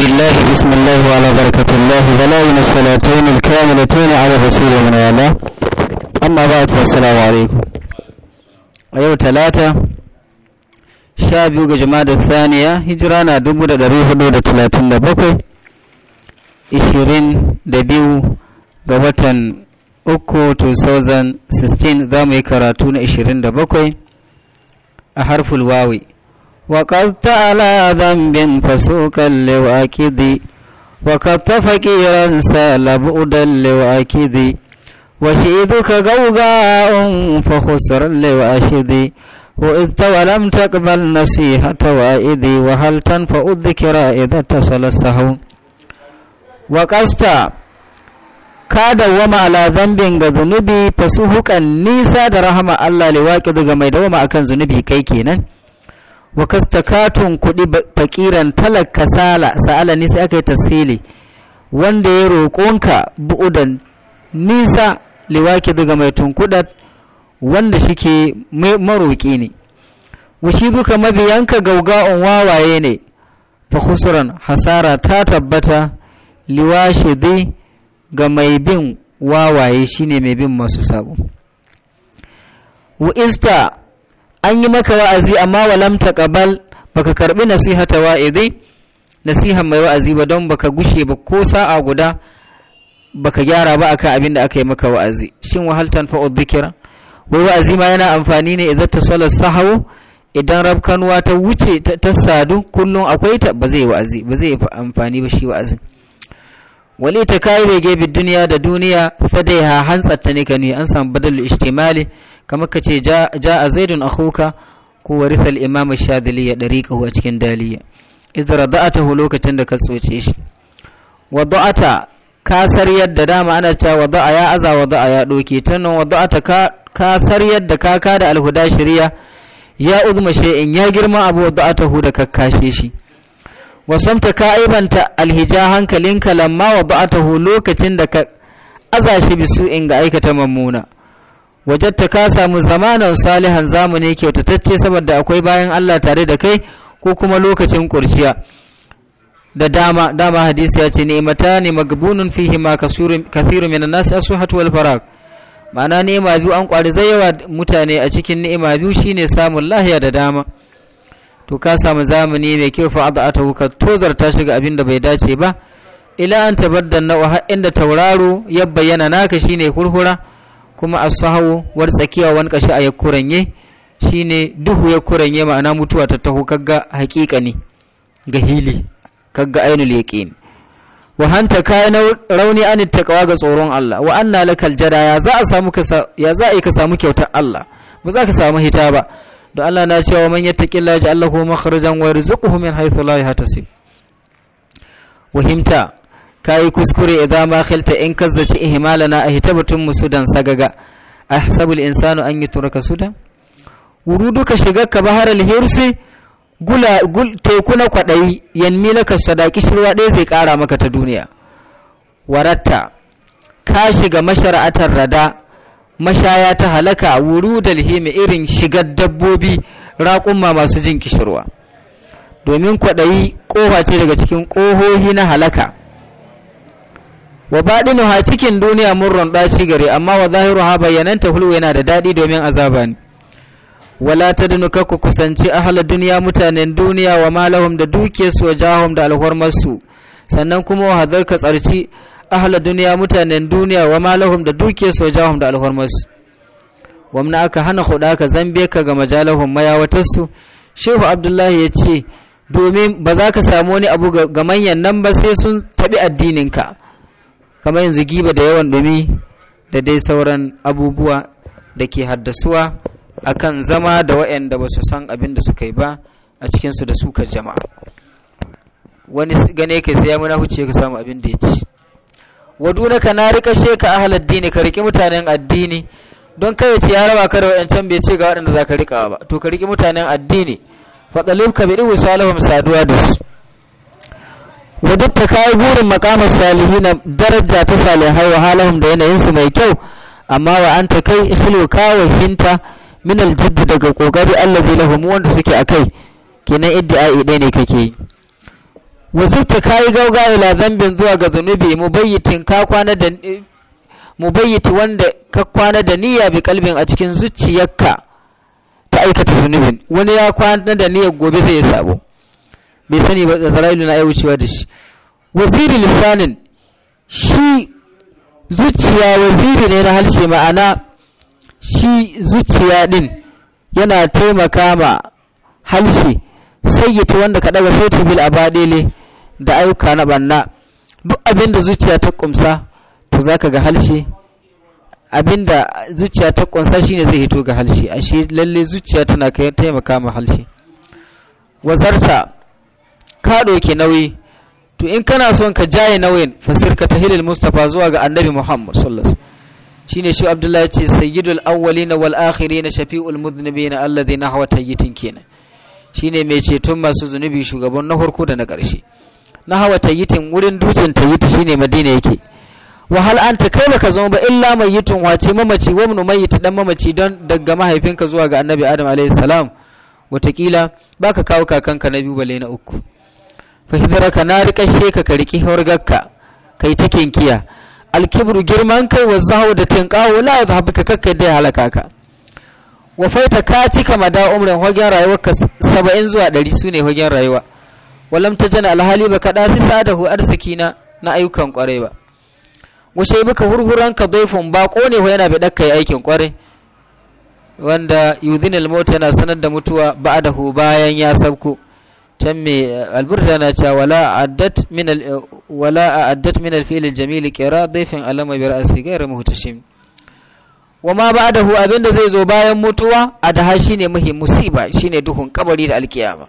بالله بسم الله وعلى بركة الله بلاين الصلاتين الكاملتين على رسول من الله أما بعد فالسلام عليكم أيوة ثلاثة شاب يوجد جماد الثانية هجرانا دمودة دريه دودة ثلاثين دبكو إشيرين دبيو biyu أكو تسوزن سستين 2016 za إشيرين دبكو أحرف الواوي وقد على ذنب فسوكا لواكدي وقد فكيرا سال بؤدا لواكدي وشيدك غوغاء فخسرا لواشدي وإذ ولم تقبل نصيحة وائدي وهل تنفع الذكرى إذا اتصل السهو وقست كاد وما على ذنب ga zunubi fasuhukan درهم da لواكد غميد وما أكن ذنبي كيكينا akan wa kastakatun kuɗi fakiran talak kasala sa'ala ni sai aka yi tasili wanda ya roƙonka bu'udan nisa liwaki daga mai tunkuɗar wanda shike maroƙi ne wushi duka mabiyanka gauga'un wawaye ne fa husuran hasara ta tabbata liwashi dai ga mai bin wawaye shine mai bin masu sabu wa ista an yi maka wa'azi amma walam ka karɓi karbi ta wa’azi nasiha mai wa'azi ba don ba ka gushe ba ko sa'a guda ba ka gyara ba akan abin da aka yi maka wa'azi shin wahaltan fa udhikra wai wa'azi ma yana amfani ne idan ta solar sahawu idan rabkanwa ta wuce ta sadu kullum akwai ta ba zai wa'azi ba zai amfani ba shi wa'azi wali ta kayi bai bi duniya da duniya fadai ha hantsar ta ne ka ne an samu badalu ishtimali kamar ka ce ja a zaidun akhuka ko warithal al-imam shadili ya dariqahu a cikin daliya izdara hu lokacin da ka tsoce shi wada'ata ka kasar yadda dama ana cewa wada'a ya aza wada'a ya doke ta nan wada'ata ka kasar yadda da ka kada alhuda shari'a ya uzma in ya girma abu hu da kakkashe shi wasamta ka aibanta alhija hankalinka lamma hu lokacin da ka aza shi bisu in ga aikata mammuna wajatta ka samu zamanan salihan zamani kyautatacce saboda akwai bayan Allah tare da kai ko kuma lokacin kurciya da dama dama hadisi ya ce ni'matani ne magbunun fihi ma kathiru min nas asuhat wal farak. ma'ana ni'ima biyu an kwari yawa mutane a cikin ni'ima biyu shine samun lahiya da dama to ka samu zamani mai kyau fa adata ka tozarta ta ga abin da bai dace ba ila an tabaddan nawa har inda tauraro ya bayyana naka shine hurhura. kuma a war tsakiya wani kashi a ya kuranye ne duhu ya kuranye ma'ana mutuwa ta taho kaga hakika ne ga hili kaga ya ƙin wa hanta kayan rauni an takawa ga tsoron Allah wa an lakal jada ya za a yi ka samu kyautar Allah ba za ka samu hita ba don Allah na cewa man Allah ja'alahu makarajan wa yarzuquhu min haithu la hatasi wahimta kayi kuskure idan ma khilta in kazzaci ihmalana a hitabatun musudan sagaga ahsabul insanu an yutraka sudan wuruduka ka bahar alhirsi gula gul teku na kwadayi yan milaka sadaki shirwa ɗaya zai kara maka ta duniya waratta ka shiga mashara'atar rada mashaya ta halaka wuru dalhimi irin shigar dabbobi raƙumma masu jin kishirwa domin kwaɗayi ƙofa ce daga cikin ƙohohi na halaka wa baɗinuha cikin duniya murron ɗaci gare amma wa zahiru ha ta hulwa yana da daɗi domin azaba ne wala ta dunuka ku kusanci ahalar duniya mutanen duniya wa malahum da su wa jahum da alhormarsu sannan kuma wa hadar ka tsarci ahalar duniya mutanen duniya wa malahum da su wa jahum da alhormarsu wamna aka hana huɗa ka zambe ka ga majalahum mayawatarsu shehu abdullahi ya ce domin ba za ka samu wani abu ga manyan nan ba sai sun taɓi addininka kamar yanzu giba da yawan ɗumi da dai sauran abubuwa da ke haddasuwa akan zama da waɗanda ba su san abin da suka yi ba a cikinsu da sukar jama'a wani gane kai sai ya muna huce ka samu abin da ya ci waduna ka na rika ka ahal addini ka riki mutanen addini don kai ce ya raba ka da wa'ancan bai ce ga waɗanda za ka rika ba to ka riki mutanen addini faɗalin ka bi salahum saduwa da su wajen ta kayi burin makamar salihi na daraja ta salihai wa halahum da yanayinsu mai kyau amma wa an ta kai ikhlu hinta min aljiddi daga kokari allazi lahum wanda suke kai kenan iddi'ai ɗaya ne kake yi wasu ta kayi gauga ila zambin zuwa ga zunubi mu ka kwana da wanda ka kwana da niyya bi kalbin a cikin zuciyarka ta aikata zunubin wani ya kwana da niyyar gobe zai sabo bai sani ba zara'ilu na wucewa da shi waziri lisanin shi zuciya waziri ne na halshe ma'ana shi zuciya din yana taimaka ma halshe sayyata wanda ka daga fetu bil a abadele da ayyuka na banna duk abinda zuciya ta kumsa to zaka ga halshe abinda zuciya ta kunsa shine zai hito ga halshe ashe lalle zuciya tana kai taimaka ma halshe wazarta ka ɗauki nauyi to in kana son ka jaye nauyin fasirka ta hilil mustapha zuwa ga annabi muhammad sallallahu shine shi abdullahi ce sayyidul awwalina wal akhirina shafi'ul mudhnibina alladhi nahwa tayyitin kenan shine mai ceton masu zunubi shugaban na farko da na ƙarshe nahwa tayyitin wurin dutsen tayyiti shine madina yake wahal anta kai baka zama ba illa mayyitun wace mamaci wa mu mayyit dan mamaci don daga mahaifinka zuwa ga annabi adam alaihi salam watakila baka kawo kakanka na biyu bale na uku fahidaraka na riƙashe ka ka riƙi horgarka kai ta kinkiya alkibru girman kai wa zahu da tinqawo la ka kakkai da halaka ka wa faita ka cika mada umrin hogen ka saba'in zuwa su ne hogen rayuwa walam jana alhali baka dasi sadahu arziki na na ayyukan kwarai ba yi baka hurhuran ka daifin ba ko ne yana bai ka yi aikin kwarai wanda yuzinil mota yana sanar da mutuwa ba'adahu bayan ya sauko. can mai alburda na cewa wala a min addat min al fi'l al daifin alama bi ra'si ghayr wa ma ba'dahu abinda zai zo bayan mutuwa adaha shine muhim musiba ne duhun kabari da alkiyama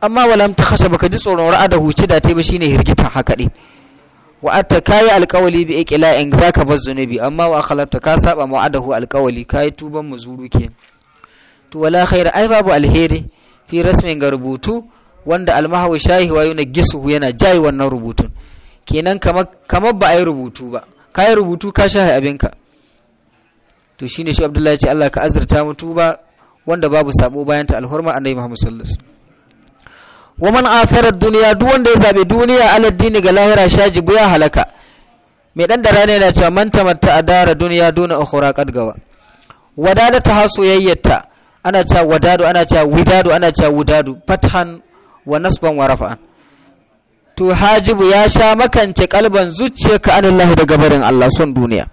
amma walam ta khasha baka ji tsoron ra'adahu ci da tai ba shine hirgita haka dai wa atta kayi alkawali bi za zaka bar zunubi amma wa akhlafta ka saba mu'adahu alkawali kayi tuban muzuru ke to wala khair ai babu alheri fi rasmin ga rubutu wanda almahawi shahi wayo na gisuhu yana jayi wannan rubutun kenan kamar ba a yi rubutu ba ka yi rubutu ka shahi abinka to shine shi abdullahi ce Allah ka azurta mutu ba wanda babu sabo bayan ta alhurma annabi Muhammad sallallahu wa man athara dunya duk wanda ya zabe duniya ala dini ga lahira shajibu ya halaka mai dan da rana yana cewa man tamatta adara duniya duna ukhra qad gawa wadada ta hasoyayyarta ana cewa wadadu ana cewa widadu ana cewa wudadu fathan wa nasban wa rafa'an to hajibu ya sha makance kalban ka anillahi daga barin Allah son duniya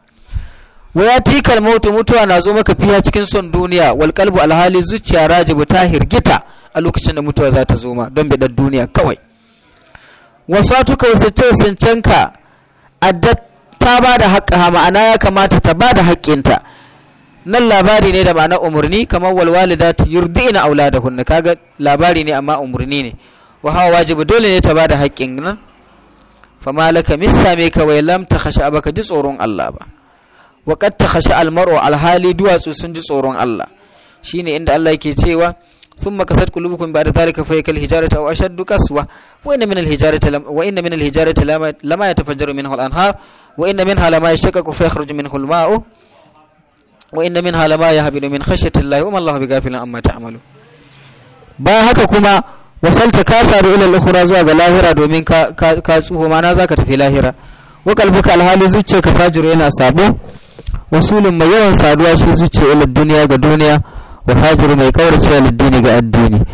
wa ya tikal mautu mutuwa na zo maka fiya cikin son duniya wal qalbu alhali zuciya rajibu tahir gita a lokacin da mutuwa za ta zo ma don bidar duniya kawai wasatuka wasacce sincenka addat ta bada haƙƙa ma'ana ya kamata ta bada da haƙƙinta nan labari ne da ma'ana umarni kamar walwalidati yurdina auladahunna kaga labari ne amma umarni ne wa hawa wajibi dole ne ta bada haƙƙin nan fama laka missa same ka wai lam ta ba ka ji tsoron Allah ba wa kad ta khasha al mar'u al hali duwatsu sun ji tsoron Allah shine inda Allah yake cewa thumma kasat qulubukum ba'da zalika fa yakal hijarata aw ashaddu qaswa wa inna min al hijarati wa inna min al hijarati lama yatafajjaru minhu al anhar wa inna minha lama yashaqqaqu fa yakhruju minhu al ma'u wainda min halama ya habinu min khashyati llahi wa ma Allahu bighafilin amma ta'malu ba haka kuma wasalta ka ila al-ukhra zuwa ga lahira domin ka ka tsuho ma na zaka tafi lahira wa qalbuka alhali zuciyarka fajiru yana sabo wasulun mai yawan saduwa shi zuciya ila duniya ga duniya wa hajiru mai kaurace ila dini ga addini